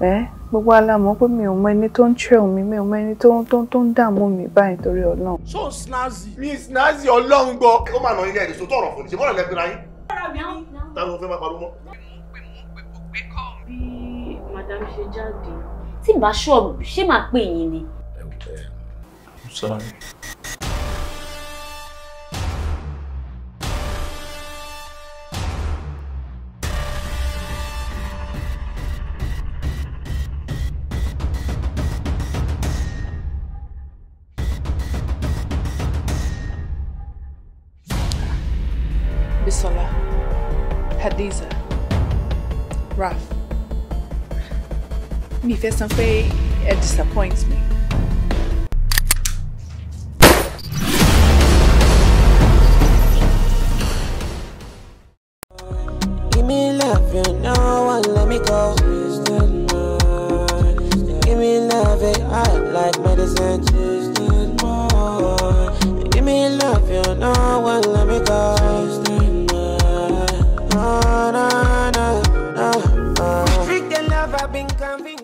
ẹ gbogbo alamọ pé mi ò mọ ẹni tó ń tẹ omi mi ò mọ ẹni tó ń tó ń tó ń dààmú mi báyìí torí Ọlọ́run. so snazzy. mi snazzy Ọlọ́run gbọ́. ó máa nà ilé ẹ̀rì sótó ọ̀rọ̀ fún mi ṣe mọ́ra lẹ́gbẹ̀rẹ̀ ayé. táwọn fẹ́ máa pariwo mọ́. bí madam ṣe jáde tí bá ṣọ́ọ̀bù ṣé máa pè yín ni. ẹ ẹ sorry. Abisola, Hadiza, Raf. Me first and Faye, it disappoints me. Give me love, you know, and let me go. Give me love, eh, it hot like medicine. Give me love, you know, and let me go. been convinced.